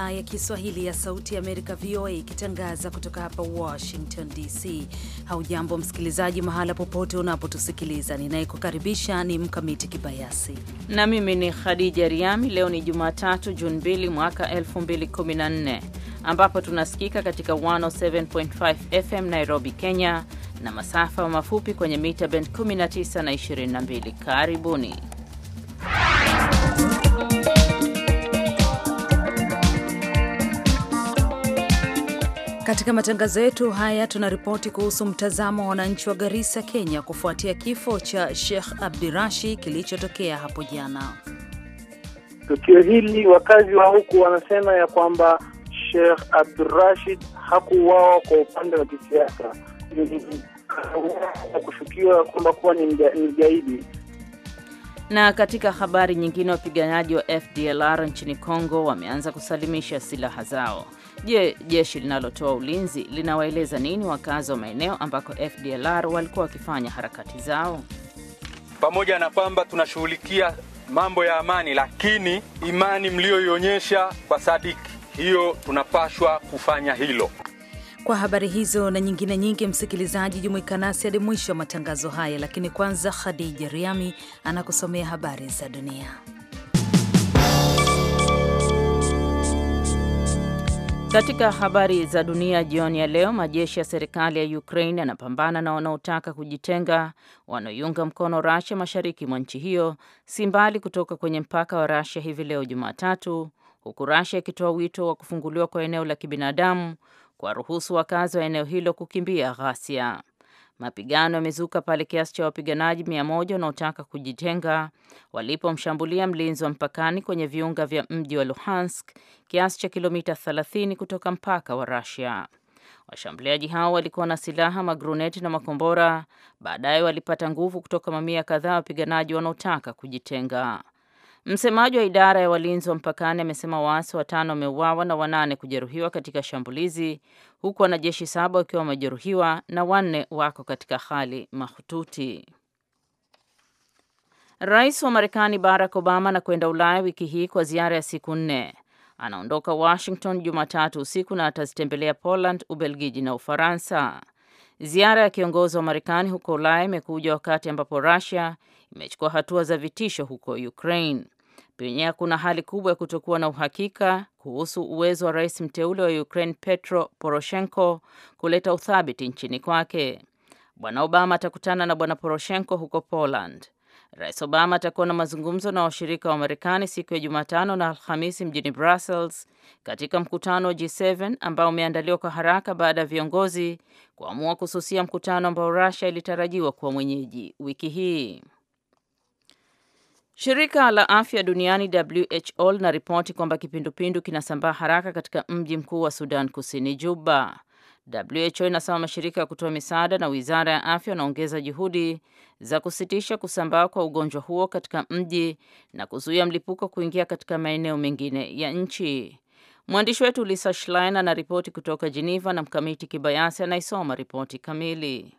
idhaa ya Kiswahili ya Sauti ya Amerika, VOA, ikitangaza kutoka hapa Washington DC. Haujambo msikilizaji, mahala popote unapotusikiliza. Ninayekukaribisha ni Mkamiti Kibayasi na mimi ni Khadija Riami. Leo ni Jumatatu, Juni 2 mwaka 2014, ambapo tunasikika katika 107.5 FM Nairobi, Kenya, na masafa mafupi kwenye mita bend 19 na 22. Karibuni. Katika matangazo yetu haya tunaripoti kuhusu mtazamo wa wananchi wa Garissa, Kenya, kufuatia kifo cha Sheikh Abdirashi kilichotokea hapo jana. Tukio hili wakazi wa huku wanasema ya kwamba Sheikh Abdurashid hakuuawa kwa upande wa kisiasa, kushukiwa kwamba kuwa ni mgaidi. Na katika habari nyingine, wapiganaji wa FDLR nchini Kongo wameanza kusalimisha silaha zao. Je, jeshi linalotoa ulinzi linawaeleza nini wakazi wa maeneo ambako FDLR walikuwa wakifanya harakati zao? Pamoja na kwamba tunashughulikia mambo ya amani, lakini imani mliyoionyesha kwa sadiki hiyo, tunapashwa kufanya hilo. Kwa habari hizo na nyingine nyingi, msikilizaji, jumuika nasi hadi mwisho wa matangazo haya, lakini kwanza Khadija Riami anakusomea habari za dunia. Katika habari za dunia jioni ya leo, majeshi ya serikali ya Ukraine yanapambana na wanaotaka kujitenga wanaoiunga mkono Russia mashariki mwa nchi hiyo, si mbali kutoka kwenye mpaka wa Russia hivi leo Jumatatu, huku Russia ikitoa wito wa kufunguliwa kwa eneo la kibinadamu kwa ruhusu wakazi wa eneo hilo kukimbia ghasia. Mapigano yamezuka pale kiasi cha wapiganaji mia moja wanaotaka kujitenga walipomshambulia mlinzi wa mpakani kwenye viunga vya mji wa Luhansk, kiasi cha kilomita 30 kutoka mpaka wa Russia. Washambuliaji hao walikuwa na silaha, magruneti na makombora. Baadaye walipata nguvu kutoka mamia kadhaa wapiganaji wanaotaka kujitenga. Msemaji wa idara ya walinzi wa mpakani amesema waasi watano wameuawa na wanane kujeruhiwa katika shambulizi, huku wanajeshi saba wakiwa wamejeruhiwa na wanne wako katika hali mahututi. Rais wa Marekani Barack Obama anakwenda Ulaya wiki hii kwa ziara ya siku nne. Anaondoka Washington Jumatatu usiku na atazitembelea Poland, Ubelgiji na Ufaransa. Ziara ya kiongozi wa Marekani huko Ulaya imekuja wakati ambapo Russia imechukua hatua za vitisho huko Ukraine. Penyewe kuna hali kubwa ya kutokuwa na uhakika kuhusu uwezo wa rais mteule wa Ukraine Petro Poroshenko kuleta uthabiti nchini kwake. Bwana Obama atakutana na Bwana Poroshenko huko Poland. Rais Obama atakuwa na mazungumzo na washirika wa Marekani siku ya Jumatano na Alhamisi mjini Brussels katika mkutano wa G7 ambao umeandaliwa kwa haraka baada ya viongozi kuamua kususia mkutano ambao Russia ilitarajiwa kuwa mwenyeji wiki hii. Shirika la Afya Duniani WHO linaripoti kwamba kipindupindu kinasambaa haraka katika mji mkuu wa Sudan Kusini Juba. WHO inasema mashirika ya kutoa misaada na wizara ya afya wanaongeza juhudi za kusitisha kusambaa kwa ugonjwa huo katika mji na kuzuia mlipuko kuingia katika maeneo mengine ya nchi. Mwandishi wetu Lisa Schlein anaripoti kutoka Geneva na Mkamiti Kibayasi anaisoma ripoti kamili.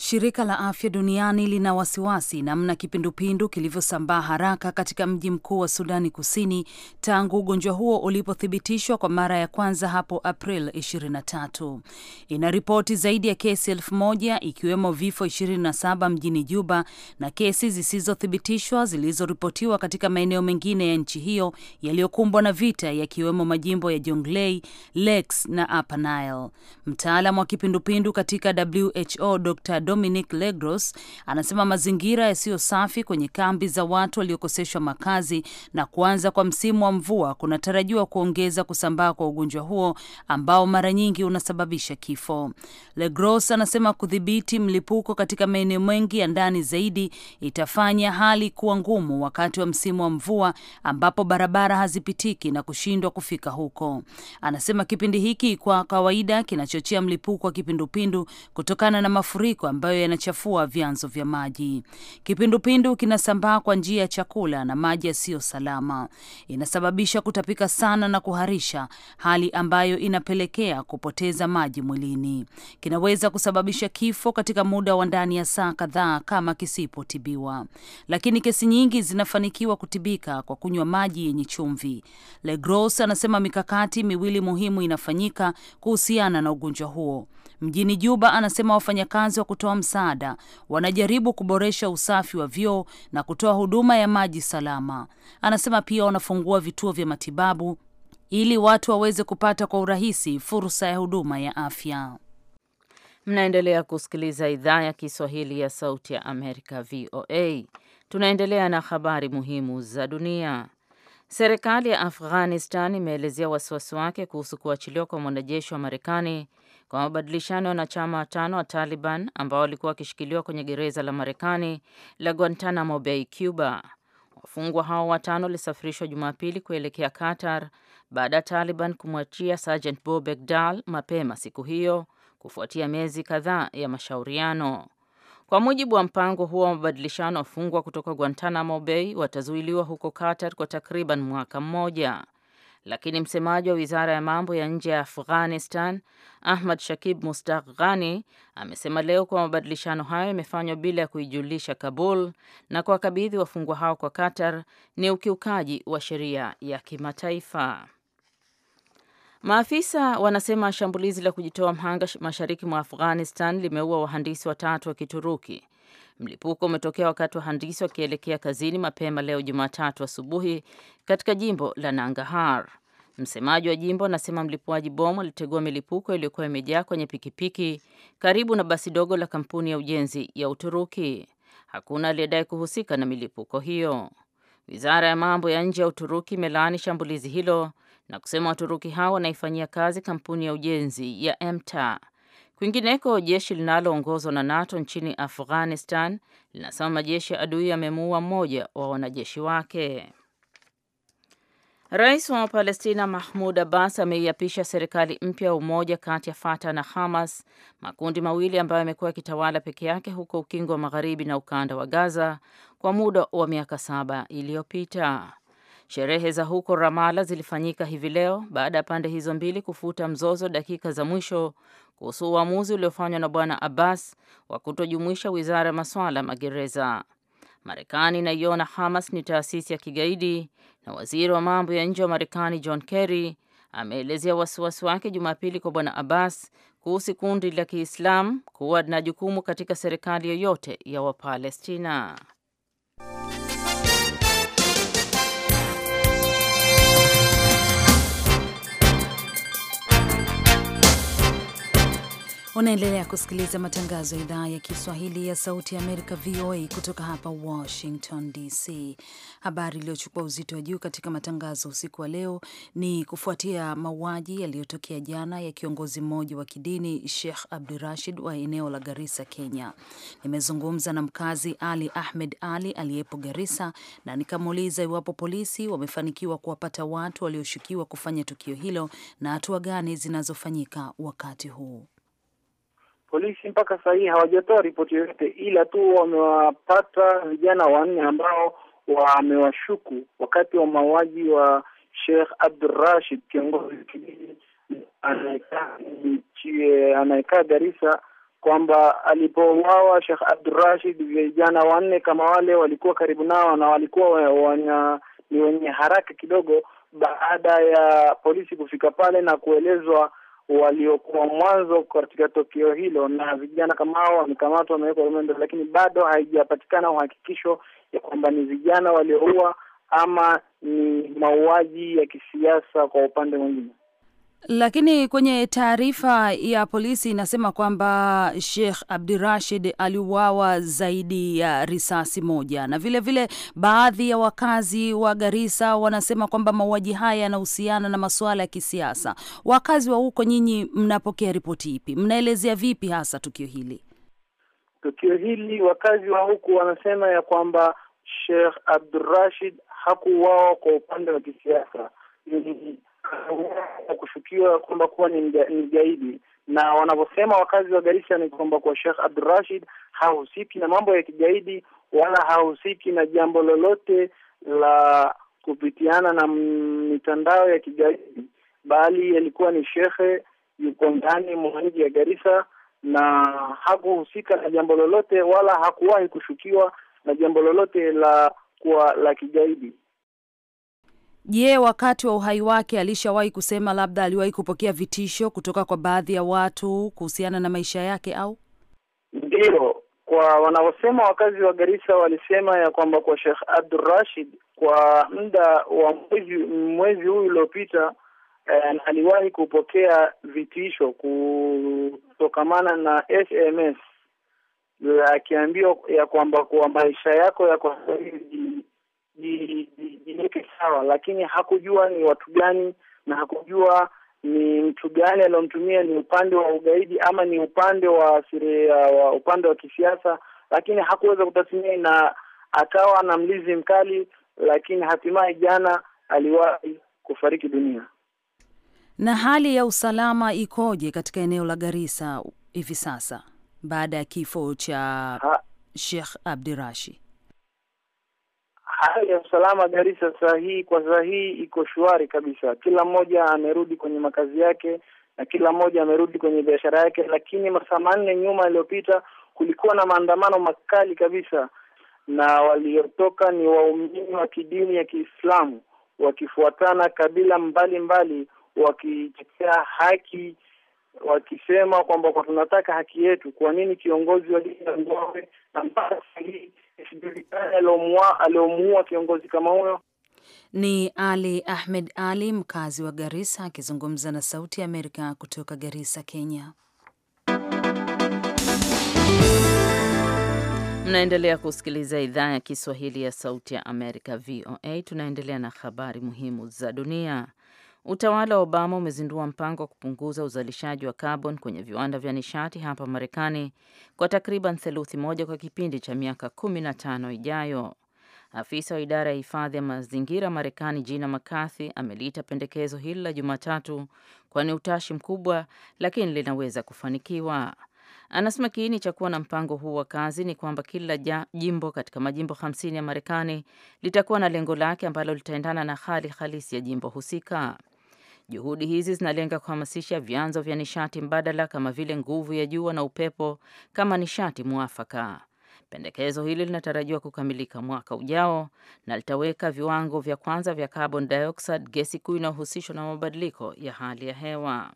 Shirika la Afya Duniani lina wasiwasi namna kipindupindu kilivyosambaa haraka katika mji mkuu wa Sudani Kusini tangu ugonjwa huo ulipothibitishwa kwa mara ya kwanza hapo April 23. ina ripoti zaidi ya kesi elfu moja ikiwemo vifo 27 mjini Juba na kesi zisizothibitishwa zilizoripotiwa katika maeneo mengine ya nchi hiyo yaliyokumbwa na vita yakiwemo majimbo ya Jonglei, Lakes na Upper Nile. Mtaalam wa kipindupindu katika WHO Dr. Dominic Legros anasema mazingira yasiyo safi kwenye kambi za watu waliokoseshwa makazi na kuanza kwa msimu wa mvua kunatarajiwa kuongeza kusambaa kwa ugonjwa huo ambao mara nyingi unasababisha kifo. Legros anasema kudhibiti mlipuko katika maeneo mengi ya ndani zaidi itafanya hali kuwa ngumu wakati wa msimu wa mvua ambapo barabara hazipitiki na kushindwa kufika huko. Anasema kipindi hiki kwa kawaida kinachochea mlipuko wa kipindupindu kutokana na mafuriko ambayo yanachafua vyanzo vya maji. Kipindupindu kinasambaa kwa njia ya chakula na maji yasiyo salama, inasababisha kutapika sana na kuharisha, hali ambayo inapelekea kupoteza maji mwilini. Kinaweza kusababisha kifo katika muda wa ndani ya saa kadhaa kama kisipotibiwa, lakini kesi nyingi zinafanikiwa kutibika kwa kunywa maji yenye chumvi. Legros anasema mikakati miwili muhimu inafanyika kuhusiana na ugonjwa huo mjini Juba anasema wafanyakazi wa kutoa msaada wanajaribu kuboresha usafi wa vyoo na kutoa huduma ya maji salama. Anasema pia wanafungua vituo vya matibabu ili watu waweze kupata kwa urahisi fursa ya huduma ya afya. Mnaendelea kusikiliza idhaa ya Kiswahili ya Sauti ya Amerika, VOA. Tunaendelea na habari muhimu za dunia. Serikali ya Afghanistan imeelezea wasiwasi wake kuhusu kuachiliwa kwa mwanajeshi wa Marekani kwa mabadilishano ya wanachama watano wa Taliban ambao walikuwa wakishikiliwa kwenye gereza la Marekani la Guantanamo Bay, Cuba. Wafungwa hao watano walisafirishwa Jumapili kuelekea Qatar baada ya Taliban kumwachia Sergeant Bo Begdal mapema siku hiyo kufuatia miezi kadhaa ya mashauriano. Kwa mujibu wa mpango huo wa mabadilishano, wafungwa kutoka Guantanamo Bay watazuiliwa huko Qatar kwa takriban mwaka mmoja lakini msemaji wa wizara ya mambo ya nje ya Afghanistan Ahmad Shakib Mustaq Ghani amesema leo kuwa mabadilishano hayo yamefanywa bila ya kuijulisha Kabul na kuwakabidhi wafungwa hao kwa Qatar ni ukiukaji wa sheria ya kimataifa. Maafisa wanasema shambulizi la kujitoa mhanga mashariki mwa Afghanistan limeua wahandisi watatu wa Kituruki Mlipuko umetokea wakati wahandisi wakielekea kazini mapema leo Jumatatu asubuhi katika jimbo la Nangahar. Msemaji wa jimbo anasema mlipuaji bomu alitegua milipuko iliyokuwa imejaa kwenye pikipiki karibu na basi dogo la kampuni ya ujenzi ya Uturuki. Hakuna aliyedai kuhusika na milipuko hiyo. Wizara ya mambo ya nje ya Uturuki imelaani shambulizi hilo na kusema Waturuki hao wanaifanyia kazi kampuni ya ujenzi ya Emta. Kwingineko, jeshi linaloongozwa na NATO nchini Afghanistan linasema majeshi ya adui yamemuua mmoja wa wanajeshi wake. Rais wa Palestina Mahmud Abbas ameiapisha serikali mpya ya umoja kati ya Fatah na Hamas, makundi mawili ambayo yamekuwa yakitawala peke yake huko Ukingo wa Magharibi na ukanda wa Gaza kwa muda wa miaka saba iliyopita. Sherehe za huko Ramala zilifanyika hivi leo baada ya pande hizo mbili kufuta mzozo dakika za mwisho kuhusu uamuzi uliofanywa na Bwana Abbas wa kutojumuisha wizara ya masuala ya magereza. Marekani inaiona Hamas ni taasisi ya kigaidi na waziri wa mambo ya nje wa Marekani John Kerry ameelezea wasiwasi wake Jumapili kwa Bwana Abbas kuhusu kundi la Kiislamu kuwa na jukumu katika serikali yoyote ya Wapalestina. Unaendelea kusikiliza matangazo ya idhaa ya Kiswahili ya Sauti ya Amerika, VOA, kutoka hapa Washington DC. Habari iliyochukua uzito wa juu katika matangazo usiku wa leo ni kufuatia mauaji yaliyotokea jana ya kiongozi mmoja wa kidini Sheikh Abdurashid wa eneo la Garissa, Kenya. Nimezungumza na mkazi Ali Ahmed Ali aliyepo Garissa na nikamuuliza iwapo polisi wamefanikiwa kuwapata watu walioshukiwa kufanya tukio hilo na hatua gani zinazofanyika wakati huu. Polisi mpaka sasa hii hawajatoa ripoti yoyote, ila tu wamewapata vijana wanne ambao wamewashuku wakati wa mauaji wa Sheikh Abdul Rashid, kiongozi anayekaa Garissa, kwamba alipouawa Sheikh Abdul Rashid, vijana wanne kama wale walikuwa karibu nao na walikuwa wana, ni wenye haraka kidogo, baada ya polisi kufika pale na kuelezwa waliokuwa mwanzo katika tukio hilo, na vijana kama hao wamekamatwa, wamewekwa rumendo, lakini bado haijapatikana uhakikisho ya kwamba ni vijana walioua ama ni mauaji ya kisiasa kwa upande mwingine. Lakini kwenye taarifa ya polisi inasema kwamba Sheikh Abdirashid aliuawa zaidi ya risasi moja, na vilevile vile baadhi ya wakazi wa Garissa wanasema kwamba mauaji haya yanahusiana na masuala ya kisiasa. Wakazi wa huko, nyinyi mnapokea ripoti ipi? Mnaelezea vipi hasa tukio hili? Tukio hili wakazi wa huku wanasema ya kwamba Sheikh Abdurashid hakuuawa kwa upande wa kisiasa na kushukiwa kwamba kuwa ni mgaidi, na wanavyosema wakazi wa Garissa ni kwamba kwa Sheikh Abdurashid hahusiki na mambo ya kigaidi wala hahusiki na jambo lolote la kupitiana na mitandao ya kigaidi, bali alikuwa ni shekhe yuko ndani mwa mji ya Garissa na hakuhusika na jambo lolote wala hakuwahi kushukiwa na jambo lolote la kuwa la kigaidi. Je, wakati wa uhai wake alishawahi kusema labda aliwahi kupokea vitisho kutoka kwa baadhi ya watu kuhusiana na maisha yake au? Ndiyo, kwa wanaosema wakazi wa Garissa walisema ya kwamba kwa Sheikh Abdul Rashid kwa muda wa mwezi mwezi huu uliopita eh, aliwahi kupokea vitisho kutokamana na SMS akiambiwa ya kwamba kwa maisha yako yako jiweke sawa, lakini hakujua ni watu gani na hakujua ni mtu gani aliyomtumia, ni upande wa ugaidi ama ni upande wa siri, uh, upande wa kisiasa, lakini hakuweza kutathmini na akawa na mlizi mkali, lakini hatimaye jana aliwahi kufariki dunia. Na hali ya usalama ikoje katika eneo la Garissa hivi sasa baada ya kifo cha Sheikh Abdirashi? hali ya usalama Garissa saa hii kwa saa hii iko shwari kabisa. Kila mmoja amerudi kwenye makazi yake na kila mmoja amerudi kwenye biashara yake, lakini masaa manne nyuma yaliyopita kulikuwa na maandamano makali kabisa, na waliotoka ni waumini wa kidini ya Kiislamu wakifuatana kabila mbalimbali, wakitetea haki, wakisema kwamba kwa tunataka haki yetu. Kwa nini kiongozi wa dini ya Ngome na mpaka sahii isijulikane aliomuua kiongozi kama huyo. Ni Ali Ahmed Ali, mkazi wa Garissa, akizungumza na Sauti ya Amerika kutoka Garissa, Kenya. Mnaendelea kusikiliza idhaa ya Kiswahili ya Sauti ya Amerika, VOA. Tunaendelea na habari muhimu za dunia. Utawala wa Obama umezindua mpango wa kupunguza uzalishaji wa kaboni kwenye viwanda vya nishati hapa Marekani kwa takriban theluthi moja kwa kipindi cha miaka kumi na tano ijayo. Afisa wa idara ya hifadhi ya mazingira Marekani Gina McCarthy ameliita pendekezo hili la Jumatatu kwani ni utashi mkubwa, lakini linaweza kufanikiwa. Anasema kiini cha kuwa na mpango huu wa kazi ni kwamba kila jimbo katika majimbo 50 ya Marekani litakuwa na lengo lake ambalo litaendana na hali halisi ya jimbo husika. Juhudi hizi zinalenga kuhamasisha vyanzo vya nishati mbadala kama vile nguvu ya jua na upepo kama nishati mwafaka. Pendekezo hili linatarajiwa kukamilika mwaka ujao na litaweka viwango vya kwanza vya carbon dioxide, gesi kuu inayohusishwa na mabadiliko ya hali ya hewa.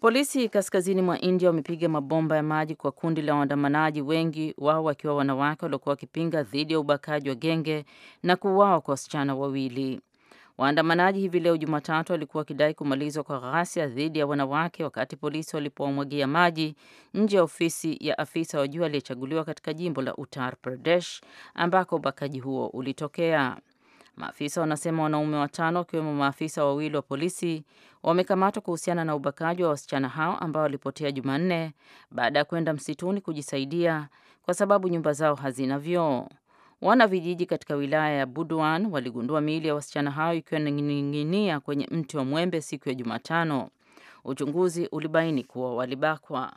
Polisi kaskazini mwa India wamepiga mabomba ya maji kwa kundi la waandamanaji, wengi wao wakiwa wanawake waliokuwa wakipinga dhidi ya ubakaji wa genge na kuuawa kwa wasichana wawili. Waandamanaji hivi leo Jumatatu walikuwa wakidai kumalizwa kwa ghasia dhidi ya wanawake wakati polisi walipowamwagia maji nje ya ofisi ya afisa wa juu aliyechaguliwa katika jimbo la Uttar Pradesh ambako ubakaji huo ulitokea. Maafisa wanasema wanaume watano wakiwemo maafisa wawili wa polisi wamekamatwa kuhusiana na ubakaji wa wasichana hao ambao walipotea Jumanne baada ya kwenda msituni kujisaidia kwa sababu nyumba zao hazina vyoo. Wanavijiji katika wilaya ya Budwan waligundua miili ya wasichana hao ikiwa inaning'inia kwenye mti wa mwembe siku ya Jumatano. Uchunguzi ulibaini kuwa walibakwa.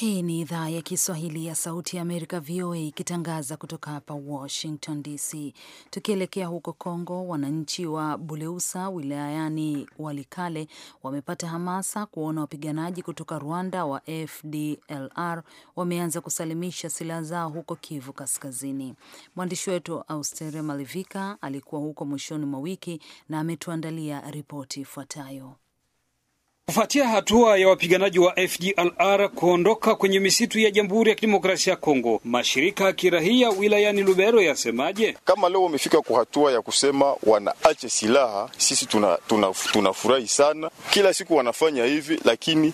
Hii ni idhaa ya Kiswahili ya Sauti ya Amerika, VOA, ikitangaza kutoka hapa Washington DC. Tukielekea huko Kongo, wananchi wa Buleusa wilayani Walikale wamepata hamasa kuona wapiganaji kutoka Rwanda wa FDLR wameanza kusalimisha silaha zao huko Kivu Kaskazini. Mwandishi wetu Austere Malivika alikuwa huko mwishoni mwa wiki na ametuandalia ripoti ifuatayo. Kufuatia hatua ya wapiganaji wa FDLR kuondoka kwenye misitu ya Jamhuri ya Kidemokrasia ya Kongo, mashirika ya kirahia wilayani Lubero yasemaje? Kama leo wamefika kwa hatua ya kusema wanaache silaha, sisi tunafurahi tuna, tuna sana. Kila siku wanafanya hivi, lakini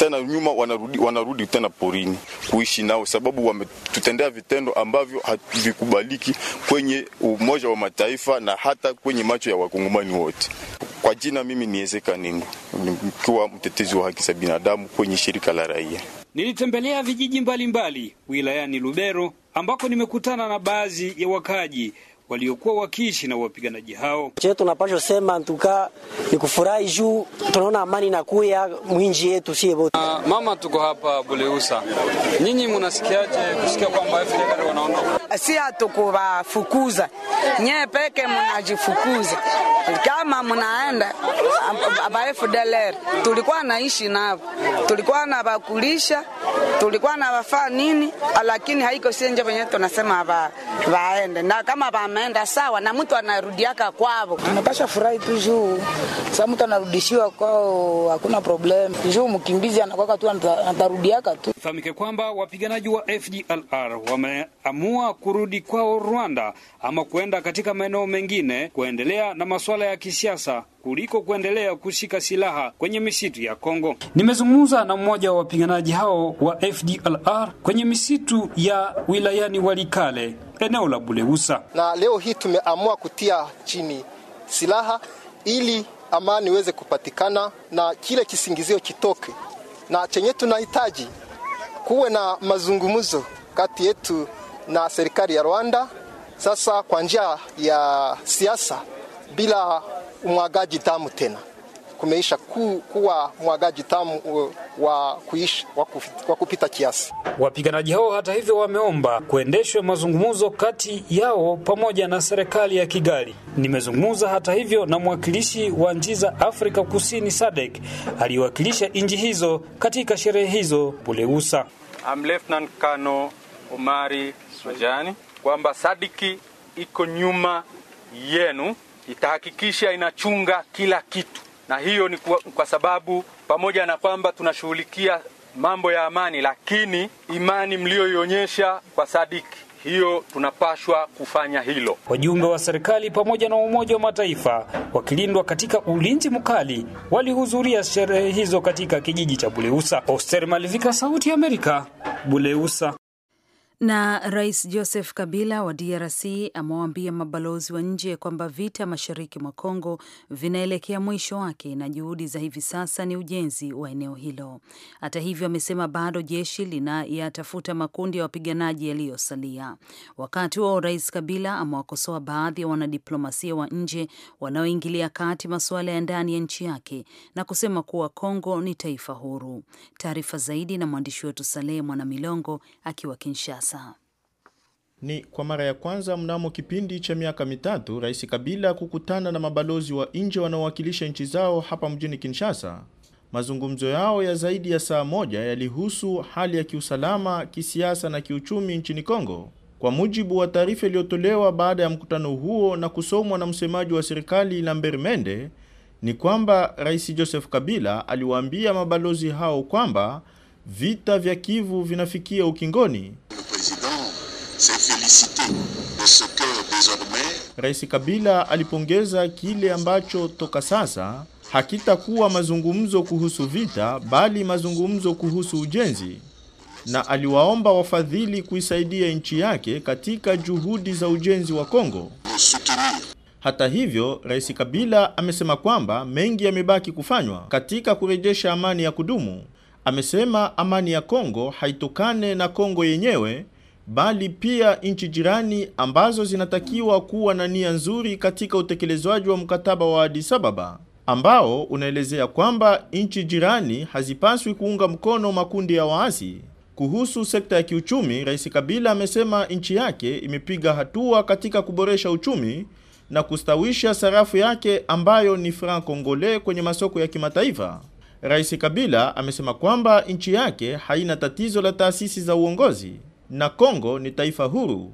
tena nyuma wanarudi, wanarudi tena porini kuishi nao, sababu wametutendea vitendo ambavyo havikubaliki kwenye Umoja wa Mataifa na hata kwenye macho ya wakongomani wote. Kwa jina mimi ni Ezeka Ningu, nikiwa mtetezi wa haki za binadamu kwenye shirika la raia. Nilitembelea vijiji mbalimbali wilayani Lubero ambako nimekutana na baadhi ya wakaji waliokuwa wakiishi na wapiganaji hao. Je, tunapaswa sema ntuka ni kufurahi juu tunaona amani na kuya mwinji yetu sie bote. Mama, tuko hapa Buleusa, nyinyi munasikiaje kusikia kwamba FDLR wanaondoka? si hatukuwafukuza nyee peke munajifukuza. Kama mnaenda abaefudeler, tulikuwa naishi navo, tulikuwa na vakulisha, tulikuwa na vafaa nini, lakini haiko sienje venye tunasema va, vaende na kama vameenda sawa, na mtu anarudiaka kwavo, tunapasha furahi tu juu sa mtu anarudishiwa kwao, hakuna problem juu mkimbizi anakwaka tu anatarudiaka tu. Ifahamike kwamba wapiganaji wa FDLR wameamua kurudi kwao Rwanda ama kuenda katika maeneo mengine kuendelea na masuala ya kisiasa kuliko kuendelea kushika silaha kwenye misitu ya Kongo. Nimezungumza na mmoja wa wapiganaji hao wa FDLR kwenye misitu ya wilayani Walikale, eneo la Buleusa. Na leo hii tumeamua kutia chini silaha ili amani iweze kupatikana na kile kisingizio kitoke, na chenye tunahitaji kuwe na mazungumzo kati yetu na serikali ya Rwanda sasa kwa njia ya siasa bila umwagaji damu tena kumeisha ku, kuwa mwagaji damu wa kuishi wa, wa kupita kiasi. Wapiganaji hao hata hivyo wameomba kuendeshwa mazungumzo kati yao pamoja na serikali ya Kigali. Nimezungumza hata hivyo na mwakilishi wa nchi za Afrika Kusini SADC aliyewakilisha nchi hizo katika sherehe hizo Buleusa. I'm Lieutenant Kano Omari Sujani kwamba Sadiki iko nyuma yenu, itahakikisha inachunga kila kitu, na hiyo ni kwa, kwa sababu pamoja na kwamba tunashughulikia mambo ya amani, lakini imani mliyoionyesha kwa Sadiki hiyo tunapashwa kufanya hilo. Wajumbe wa serikali pamoja na Umoja wa Mataifa wakilindwa katika ulinzi mkali walihudhuria sherehe hizo katika kijiji cha Buleusa. Oster Malivika, Sauti ya Amerika, Buleusa. Na Rais Joseph Kabila wa DRC amewaambia mabalozi wa nje kwamba vita mashariki mwa Kongo vinaelekea mwisho wake na juhudi za hivi sasa ni ujenzi wa eneo hilo. Hata hivyo, amesema bado jeshi linayatafuta makundi ya wapiganaji yaliyosalia. Wakati huo, Rais Kabila amewakosoa baadhi ya wanadiplomasia wa nje wanaoingilia kati masuala ya ndani ya nchi yake na kusema kuwa Kongo ni taifa huru. Taarifa zaidi na mwandishi wetu Salehe Mwanamilongo akiwa Kinshasa. Kinshasa. Ni kwa mara ya kwanza mnamo kipindi cha miaka mitatu Rais Kabila kukutana na mabalozi wa nje wanaowakilisha nchi zao hapa mjini Kinshasa. Mazungumzo yao ya zaidi ya saa moja yalihusu hali ya kiusalama, kisiasa na kiuchumi nchini Kongo. Kwa mujibu wa taarifa iliyotolewa baada ya mkutano huo na kusomwa na msemaji wa serikali Lambert Mende, ni kwamba Rais Joseph Kabila aliwaambia mabalozi hao kwamba vita vya Kivu vinafikia ukingoni. Rais Kabila alipongeza kile ambacho toka sasa hakitakuwa mazungumzo kuhusu vita bali mazungumzo kuhusu ujenzi, na aliwaomba wafadhili kuisaidia nchi yake katika juhudi za ujenzi wa Kongo. Hata hivyo, Rais Kabila amesema kwamba mengi yamebaki kufanywa katika kurejesha amani ya kudumu amesema amani ya Kongo haitokane na Kongo yenyewe bali pia nchi jirani ambazo zinatakiwa kuwa na nia nzuri katika utekelezwaji wa mkataba wa Addis Ababa ambao unaelezea kwamba nchi jirani hazipaswi kuunga mkono makundi ya waasi. Kuhusu sekta ya kiuchumi, Rais Kabila amesema nchi yake imepiga hatua katika kuboresha uchumi na kustawisha sarafu yake ambayo ni franc congolais kwenye masoko ya kimataifa. Rais Kabila amesema kwamba nchi yake haina tatizo la taasisi za uongozi na Kongo ni taifa huru.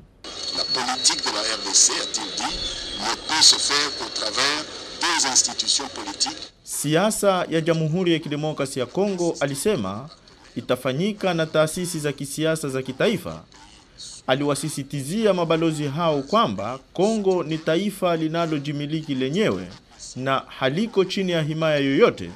La politique de la RDC a-t-il dit ne peut se faire au travers des institutions politiques. Siasa ya Jamhuri ya Kidemokrasia ya Kongo, alisema itafanyika na taasisi za kisiasa za kitaifa. Aliwasisitizia mabalozi hao kwamba Kongo ni taifa linalojimiliki lenyewe na haliko chini ya himaya yoyote.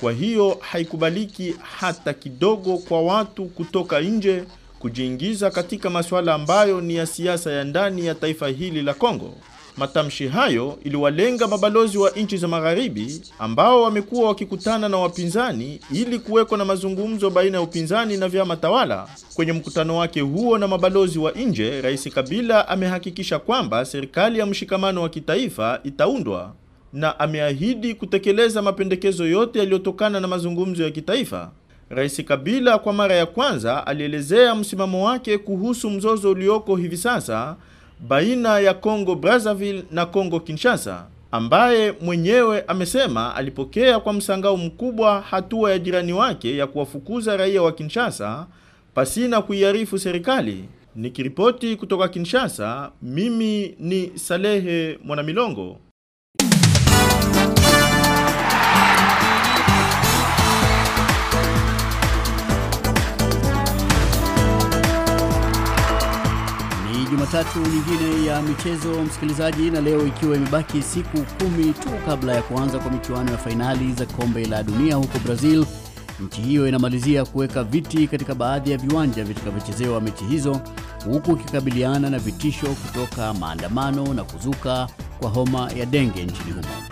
Kwa hiyo haikubaliki hata kidogo kwa watu kutoka nje kujiingiza katika masuala ambayo ni ya siasa ya ndani ya taifa hili la Kongo. Matamshi hayo iliwalenga mabalozi wa nchi za magharibi ambao wamekuwa wakikutana na wapinzani ili kuwekwa na mazungumzo baina ya upinzani na vyama tawala. Kwenye mkutano wake huo na mabalozi wa nje, Rais Kabila amehakikisha kwamba serikali ya mshikamano wa kitaifa itaundwa na ameahidi kutekeleza mapendekezo yote yaliyotokana na mazungumzo ya kitaifa. Rais Kabila kwa mara ya kwanza alielezea msimamo wake kuhusu mzozo ulioko hivi sasa baina ya Congo Brazzaville na Congo Kinshasa, ambaye mwenyewe amesema alipokea kwa msangao mkubwa hatua ya jirani wake ya kuwafukuza raia wa Kinshasa pasina kuiarifu serikali. Nikiripoti kutoka Kinshasa, mimi ni Salehe Mwanamilongo. Jumatatu nyingine ya michezo msikilizaji, na leo ikiwa imebaki siku kumi tu kabla ya kuanza kwa michuano ya fainali za kombe la dunia huko Brazil. Nchi hiyo inamalizia kuweka viti katika baadhi ya viwanja vitakavyochezewa mechi hizo, huku ikikabiliana na vitisho kutoka maandamano na kuzuka kwa homa ya denge nchini humo.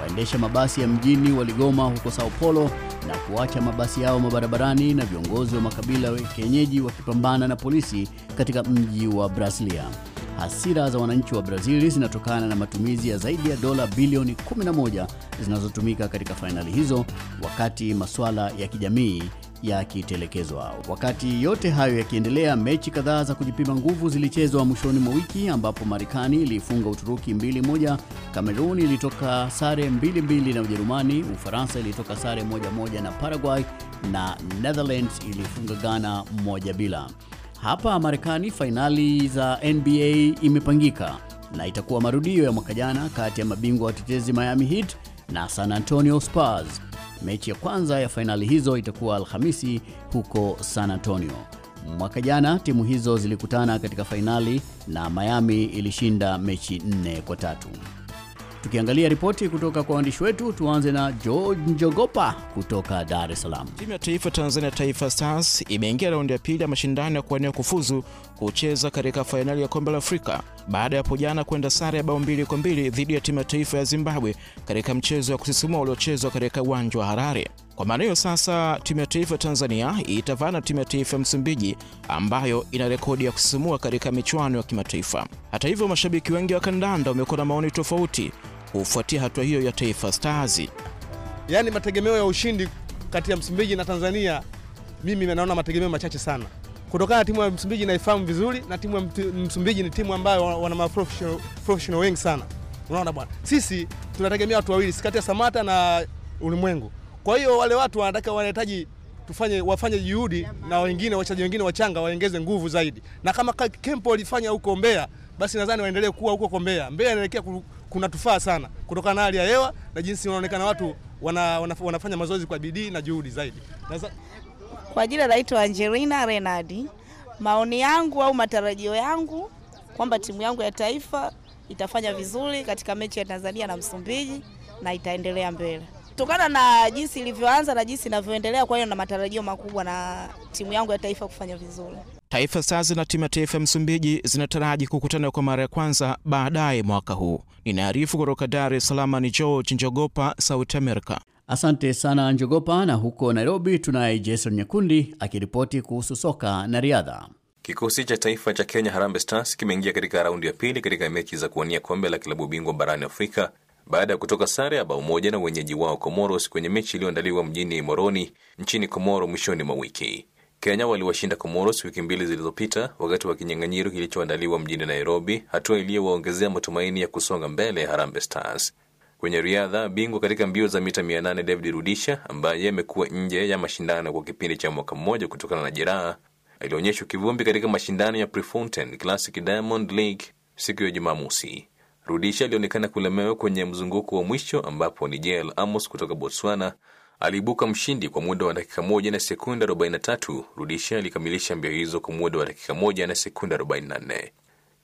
Waendesha mabasi ya mjini waligoma huko Sao Paulo na kuacha mabasi yao mabarabarani na viongozi wa makabila wa kienyeji wakipambana na polisi katika mji wa Brasilia. Hasira za wananchi wa Brazil zinatokana na matumizi ya zaidi ya dola bilioni 11 zinazotumika katika fainali hizo, wakati masuala ya kijamii yakitelekezwa. Wakati yote hayo yakiendelea, mechi kadhaa za kujipima nguvu zilichezwa mwishoni mwa wiki ambapo Marekani iliifunga Uturuki 2-1, Kamerun ilitoka sare 2-2 na Ujerumani, Ufaransa ilitoka sare 1-1 na Paraguay na Netherlands ilifunga Ghana moja bila. Hapa Marekani fainali za NBA imepangika na itakuwa marudio ya mwaka jana kati ya mabingwa watetezi Miami Heat na San Antonio Spurs. Mechi ya kwanza ya fainali hizo itakuwa Alhamisi huko San Antonio. Mwaka jana timu hizo zilikutana katika fainali na Miami ilishinda mechi nne kwa tatu. Tukiangalia ripoti kutoka kwa waandishi wetu, tuanze na George Njogopa kutoka Dar es Salaam. Timu ya taifa Tanzania, Taifa Stars, imeingia raundi ya pili ya mashindano ya kuwania kufuzu kucheza katika fainali ya kombe la Afrika baada ya hapo jana kwenda sare ya bao mbili kwa mbili dhidi ya timu ya taifa ya Zimbabwe katika mchezo wa kusisimua uliochezwa katika uwanja wa Harare. Kwa maana hiyo sasa timu ya taifa Tanzania itavana timu ya taifa ya Msumbiji ambayo ina rekodi ya kusisimua katika michuano ya kimataifa. Hata hivyo, mashabiki wengi wa kandanda wamekuwa na maoni tofauti kufuatia hatua hiyo ya Taifa Stars. Yaani, mategemeo ya ushindi kati ya Msumbiji na Tanzania, mimi naona mategemeo machache sana kutokana na timu ya Msumbiji naifahamu vizuri, na timu ya Msumbiji ni timu ambayo wana ma professional, professional wengi sana. Unaona bwana, sisi tunategemea watu wawili sikati ya Samata na Ulimwengu. Kwa hiyo wale watu wanataka wanahitaji tufanye wafanye juhudi na wengine wachaji wengine wachanga waongeze nguvu zaidi, na kama Kempo walifanya huko Mbeya, basi nadhani waendelee kuwa huko kwa Mbeya. Mbeya inaelekea kuna tufaa sana kutokana na hali ya hewa na jinsi wanaonekana watu wana, wana, wanafanya mazoezi kwa bidii na juhudi zaidi. Kwa jina naitwa Angelina Renadi. Maoni yangu au matarajio yangu kwamba timu yangu ya taifa itafanya vizuri katika mechi ya Tanzania na Msumbiji na itaendelea mbele kutokana na jinsi ilivyoanza na jinsi inavyoendelea. Kwa hiyo na matarajio makubwa na timu yangu ya taifa kufanya vizuri. Taifa Stars na timu ya taifa ya Msumbiji zinataraji kukutana kwa mara ya kwanza baadaye mwaka huu. Ninaarifu kutoka Dar es Salaam ni George Njogopa, South America. Asante sana Njogopa. Na huko Nairobi tunaye Jason Nyakundi akiripoti kuhusu soka na riadha. Kikosi cha taifa cha Kenya Harambee Stars kimeingia katika raundi ya pili katika mechi za kuwania kombe la klabu bingwa barani Afrika baada ya kutoka sare ya bao moja na wenyeji wao Comoros kwenye mechi iliyoandaliwa mjini Moroni nchini Komoro mwishoni mwa wiki. Kenya waliwashinda Comoros wiki mbili zilizopita wakati wa kinyang'anyiro kilichoandaliwa mjini Nairobi, hatua iliyowaongezea matumaini ya kusonga mbele ya Harambee Stars. Kwenye riadha, bingwa katika mbio za mita 800 David Rudisha ambaye amekuwa nje ya mashindano kwa kipindi cha mwaka mmoja kutokana na jeraha alionyeshwa kivumbi katika mashindano ya Prefontaine Classic Diamond League siku ya Jumamosi. Rudisha alionekana kulemewa kwenye mzunguko wa mwisho ambapo Nigel Amos kutoka Botswana aliibuka mshindi kwa muda wa dakika moja na sekunde 43. Rudisha alikamilisha mbio hizo kwa muda wa dakika moja na sekunde 44.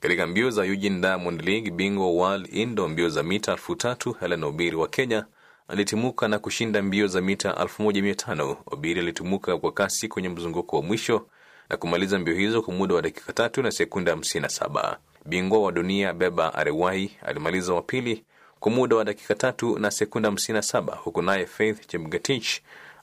Katika mbio za Eugene Diamond League Bingwa World Indoor mbio za mita elfu tatu Helen Obiri wa Kenya alitimuka na kushinda mbio za mita 1500. Obiri alitimuka kwa kasi kwenye mzunguko wa mwisho na kumaliza mbio hizo kwa muda wa dakika tatu na sekunda 57. Bingwa wa dunia Beba Arewai alimaliza wa pili kwa muda wa dakika tatu na sekunda 57, huku naye Faith Chepngetich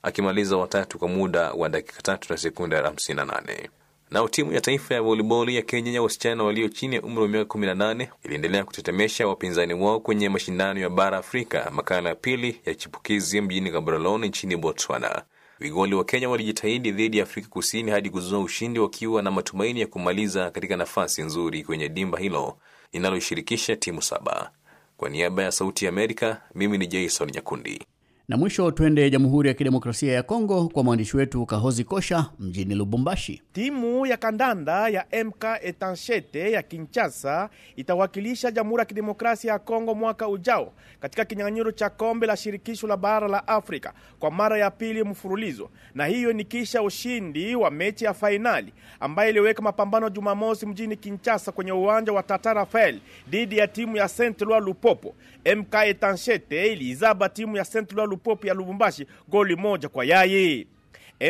akimaliza watatu kwa muda wa dakika tatu na sekunda 58. Nao timu ya taifa ya voliboli ya Kenya ya wasichana walio chini ya umri wa miaka 18 iliendelea kutetemesha wapinzani wao kwenye mashindano ya bara Afrika, makala ya pili ya chipukizi mjini Gaborone nchini Botswana. Vigoli wa Kenya walijitahidi dhidi ya Afrika Kusini hadi kuzoa ushindi wakiwa na matumaini ya kumaliza katika nafasi nzuri kwenye dimba hilo linaloshirikisha timu saba. Kwa niaba ya Sauti ya Amerika, mimi ni Jason Nyakundi. Na mwisho twende Jamhuri ya Kidemokrasia ya Kongo kwa mwandishi wetu Kahozi Kosha mjini Lubumbashi. Timu ya kandanda ya MK Etanchete ya Kinshasa itawakilisha Jamhuri ya Kidemokrasia ya Kongo mwaka ujao katika kinyang'anyiro cha kombe la shirikisho la bara la Afrika kwa mara ya pili mfululizo, na hiyo ni kisha ushindi wa mechi ya fainali ambayo iliweka mapambano Jumamosi mjini Kinshasa kwenye uwanja wa Tata Rafael dhidi ya timu ya Saint Eloi Lupopo. MK Etanchete iliizaba timu ya Saint Eloi Lupopo ya Lubumbashi goli moja kwa yai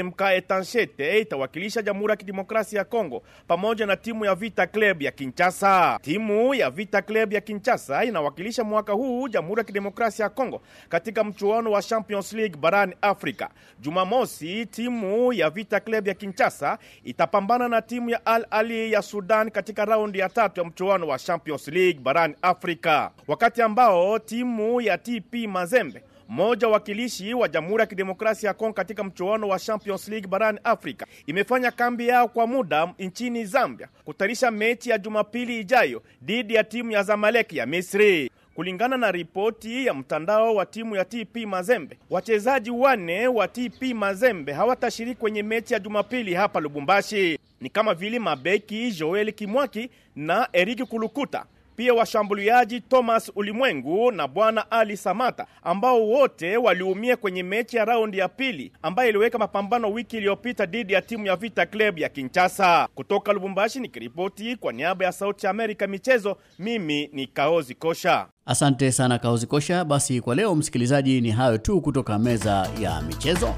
MK Etanchete itawakilisha Jamhuri ya Kidemokrasia ya Kongo pamoja na timu ya Vita Club ya Kinshasa. Timu ya Vita Club ya Kinshasa inawakilisha mwaka huu Jamhuri ya Kidemokrasia ya Kongo katika mchuano wa Champions League barani Afrika. Jumamosi, timu ya Vita Club ya Kinshasa itapambana na timu ya Al Ali ya Sudan katika raundi ya tatu ya mchuano wa Champions League barani Afrika, wakati ambao timu ya TP Mazembe mmoja wakilishi wa Jamhuri ya Kidemokrasia ya Kongo katika mchuano wa Champions League barani Afrika imefanya kambi yao kwa muda nchini Zambia kutarisha mechi ya Jumapili ijayo dhidi ya timu ya Zamalek ya Misri. Kulingana na ripoti ya mtandao wa timu ya TP Mazembe, wachezaji wane wa TP Mazembe hawatashiriki kwenye mechi ya Jumapili hapa Lubumbashi, ni kama vile mabeki Joel Kimwaki na Eriki Kulukuta pia washambuliaji Thomas Ulimwengu na bwana Ali Samata ambao wote waliumia kwenye mechi ya raundi ya pili ambayo iliweka mapambano wiki iliyopita dhidi ya timu ya Vita Club ya Kinshasa. Kutoka Lubumbashi nikiripoti kwa niaba ya Sauti ya Amerika michezo, mimi ni Kaozi Kosha. Asante sana Kaozi Kosha. Basi kwa leo msikilizaji, ni hayo tu kutoka meza ya michezo.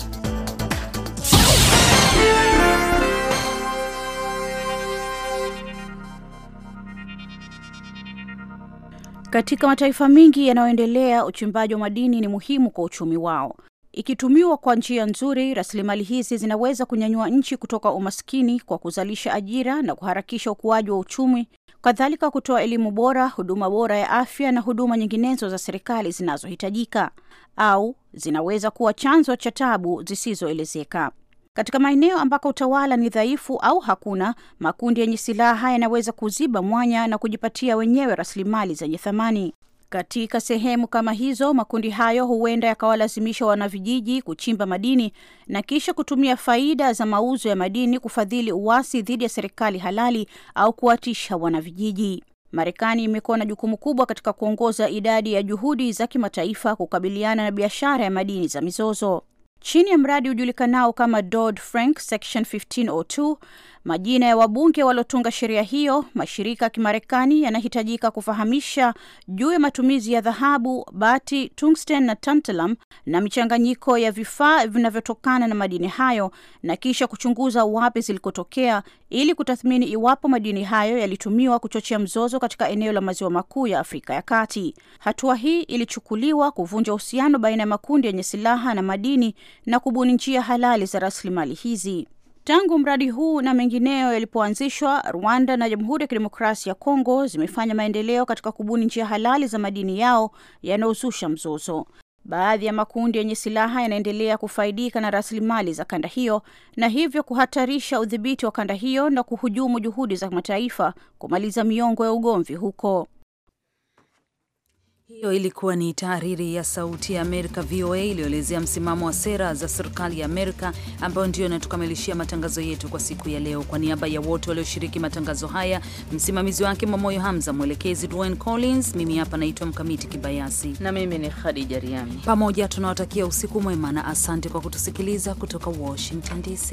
Katika mataifa mengi yanayoendelea, uchimbaji wa madini ni muhimu kwa uchumi wao. Ikitumiwa kwa njia nzuri, rasilimali hizi zinaweza kunyanyua nchi kutoka umaskini kwa kuzalisha ajira na kuharakisha ukuaji wa uchumi, kadhalika kutoa elimu bora, huduma bora ya afya na huduma nyinginezo za serikali zinazohitajika, au zinaweza kuwa chanzo cha tabu zisizoelezeka. Katika maeneo ambako utawala ni dhaifu au hakuna, makundi yenye silaha yanaweza kuziba mwanya na kujipatia wenyewe rasilimali zenye thamani. Katika sehemu kama hizo, makundi hayo huenda yakawalazimisha wanavijiji kuchimba madini na kisha kutumia faida za mauzo ya madini kufadhili uasi dhidi ya serikali halali au kuwatisha wanavijiji. Marekani imekuwa na jukumu kubwa katika kuongoza idadi ya juhudi za kimataifa kukabiliana na biashara ya madini za mizozo chini ya mradi ujulikanao kama Dodd Frank Section 1502 majina ya wabunge waliotunga sheria hiyo, mashirika ya Kimarekani yanahitajika kufahamisha juu ya matumizi ya dhahabu, bati, tungsten na tantalum na michanganyiko ya vifaa vinavyotokana na madini hayo, na kisha kuchunguza wapi zilikotokea ili kutathmini iwapo madini hayo yalitumiwa kuchochea mzozo katika eneo la maziwa makuu ya Afrika ya Kati. Hatua hii ilichukuliwa kuvunja uhusiano baina ya makundi yenye silaha na madini na kubuni njia halali za rasilimali hizi. Tangu mradi huu na mengineyo yalipoanzishwa, Rwanda na Jamhuri ya Kidemokrasia ya Kongo zimefanya maendeleo katika kubuni njia halali za madini yao yanayohusisha mzozo. Baadhi ya makundi yenye silaha yanaendelea kufaidika na rasilimali za kanda hiyo na hivyo kuhatarisha udhibiti wa kanda hiyo na kuhujumu juhudi za kimataifa kumaliza miongo ya ugomvi huko. Hiyo ilikuwa ni tahariri ya Sauti ya Amerika, VOA, iliyoelezea msimamo wa sera za serikali ya Amerika, ambayo ndio inatukamilishia matangazo yetu kwa siku ya leo. Kwa niaba ya wote walioshiriki matangazo haya, msimamizi wake Mwamoyo Hamza, mwelekezi Dwayne Collins, mimi hapa naitwa Mkamiti Kibayasi na mimi ni Khadija Riami. Pamoja tunawatakia usiku mwema na asante kwa kutusikiliza kutoka Washington DC.